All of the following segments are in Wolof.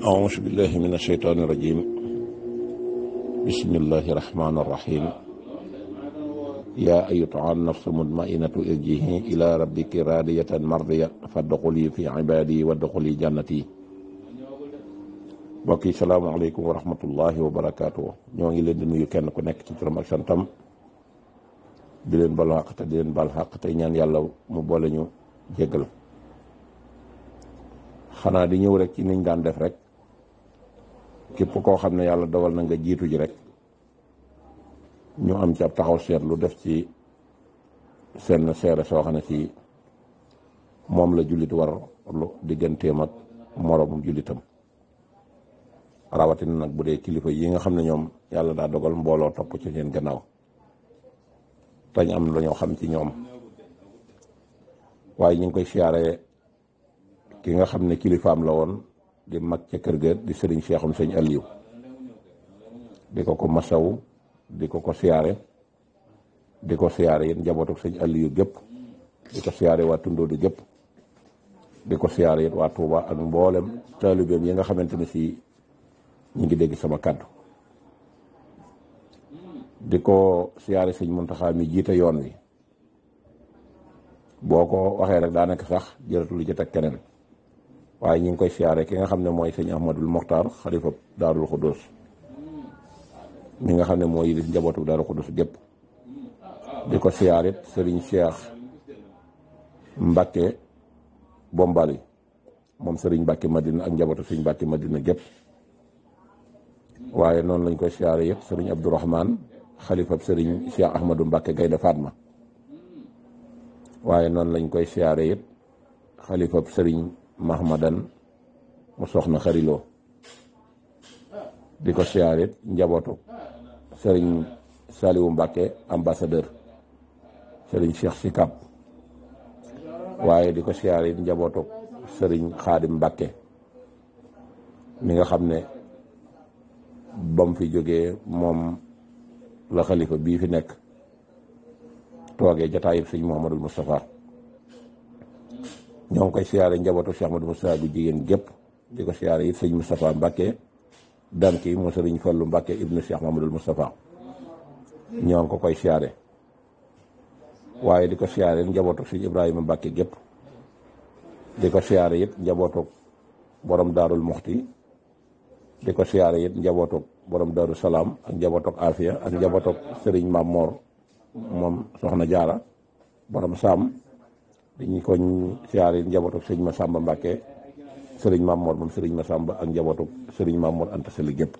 أعوذ بالله من الشيطان الرجيم بسم الله الرحمن الرحيم يا أيتها النفس المطمئنة ارجعي إلى ربك راضية مرضية فادخلي في عبادي وادخلي جنتي mbokk yi salaamaaleykum wa rahmatullahi wa barakaatu ñoo ngi leen di nuyu kenn ku nekk ci turam ak santam di leen te ñaan yàlla mu boole ñu jéggal xanaa di ñëw rek ci niñ daan def rek képp koo xam ne yàlla dogal na nga jiitu ji rek ñu am ci ab taxaw lu def ci seen seere soo xam ne ci moom la jullit war lu digganteem ak moroomum jullitam rawatina nag bu dee kilifa yi nga xam ne ñoom yàlla daa dogal mbooloo topp ci seen gannaaw tañ am lu xam ci ñoom waaye ñu ngi koy siyaaree ki nga xam ne kilifaam la woon di mag ca kër ga di sëriñ seexum sëñ Aliou di ko ko masaw di ko ko siyaare di ko siyaare yéen njabootu sëñ Aliou gépp di ko siyaare waa Tundoodu gépp di ko siyaare yéen waa Touba ak mboolem taalibeem yi nga xamante ne si ñu ngi dégg sama kàddu di ko siyaare sëñ Muntaxa mi jiite yoon wi boo ko waxee rek daanaka sax jërëtul lu jot ak keneen waaye ñu ngi koy siyaare ki nga xam ne mooy sëñ Ahmadul Moxtaar xalifa Daarul Xudus mi nga xam ne mooy yilif njabootu Daarul Xudus gépp di ko siyaar it sëriñ Cheikh Mbacke Bombali moom sëriñ Mbacke Madina ak njabootu sëriñ Mbacke Madina gépp waaye noonu lañ koy siyaare yëpp sëriñ Abdourahman xalifab sëriñ Cheikh Ahmadou Mbacke Gaynde Fatma waaye noonu lañ koy siyaare yëpp xalifa sëriñ mahmadan mu soxna xariloo di ko siyaarit njabootu sëriñ Saliou mbake ambassadeur sëriñ Cheikh Sikap waaye di ko siyaarit njabootu sëriñ Xaadim mbake mi nga xam ne bam fi jógee moom la xalifa bii fi nekk toogee jataayib sëñ Mouhamadul Moustapha ñoo ngi koy siyaare njabootu Cheikh Ahmadou Moustapha bu jigéen gépp di siyaare it sëñ Moustapha Mbacke daan kii moo sëriñ Fallu Mbacke ibnu Cheikh Mamadou Moustapha ñoo koy siyaare waaye di ko siyaare njabootu sëñ Ibrahima Mbacke gépp di ko siyaare it njabootu borom daarul Moxti di ko siyaare it njabootu borom daaru salaam ak njabootu Afia ak njabootu sëriñ Mam Mor moom soxna Jaara borom Saam. dañuy ko siyaare njabootu sëriñ Massamba Mbacke sëriñ Mamor moom sëriñ Massamba ak njabootu sëriñ Mamor Anta Sali gépp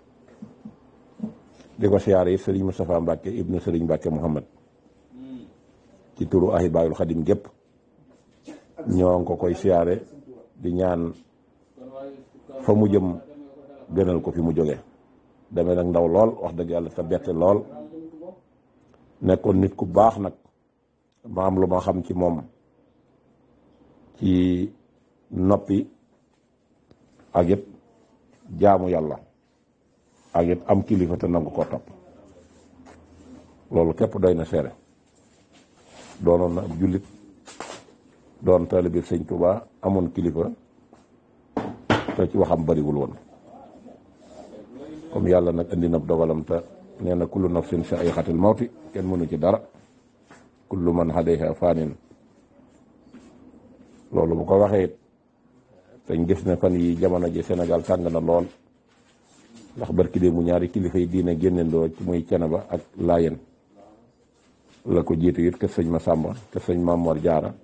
di ko siyaare sëriñ Moustapha Mbacke ibnu sëriñ Mbacke Mouhamad ci turu Ahibaayul Xadim gépp ñoo ngi ko koy siyaare di ñaan fa mu jëm gënal ko fi mu jóge demee nag ndaw lool wax dëgg yàlla sa bette lool nekkoon nit ku baax nag ma am lu ma xam ci moom ci noppi ak jaamu yàlla ak am kilifa te nangu ko loolu képp doy na seere doonoon na ab jullit doon taalibe sëñ Tuubaa amoon kilifa te ci waxam bariwul woon comme yàlla nag indi na dogalam te nee na kullu nafsin sa ay xatil mawti kenn mënu ci dara kullu man hadayha faanin loolu bu ko waxee it dañ gis ne fan yi jamono ji senegal tàng na lool ndax barki dee mu ñaari kilifa yi diina génnendoo ci muy Cenaba ak Laayeen la ko jiitu it kër sëñ Masamba kër sëñ Mamor Jaara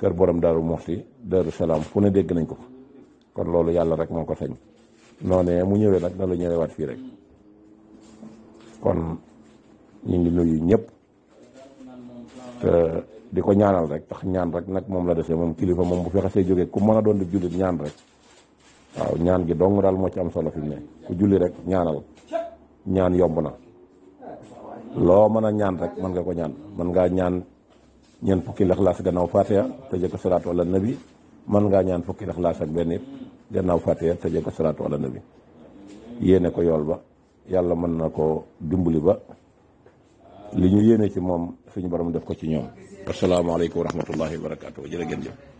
kër borom Daaru Muxti Daaru Salaam fu ne dégg nañ ko kon loolu yàlla rek moo ko sañ noonee mu ñëwee nag na la ñëwee waat fii rek kon ñu ngi nuyu ñëpp di ko ñaanal rek tax ñaan rek nag moom la desee moom kilifa moom bu fi xasee jógee ku mën a doon def jullit ñaan rek waaw ñaan gi dong daal moo ci am solo fi ku julli rek ñaanal ñaan yomb na loo mën a ñaan rek mën nga ko ñaan mën ngaa ñaan ñeen fukki laxlaas gannaaw fatiha tëjee ko salaatu ala nabi mën ngaa ñaan fukki laxlaas ak benn it gannaaw fatiha tëjee ko salaatu ala nabi yéene ko yool ba yàlla mën na ko dimbali ba li ñu yéene ci moom suñu borom def ko ci ñoom. asalaamaaleykum wa rahmatullahi wa barakaatu jërë ngeen jëf.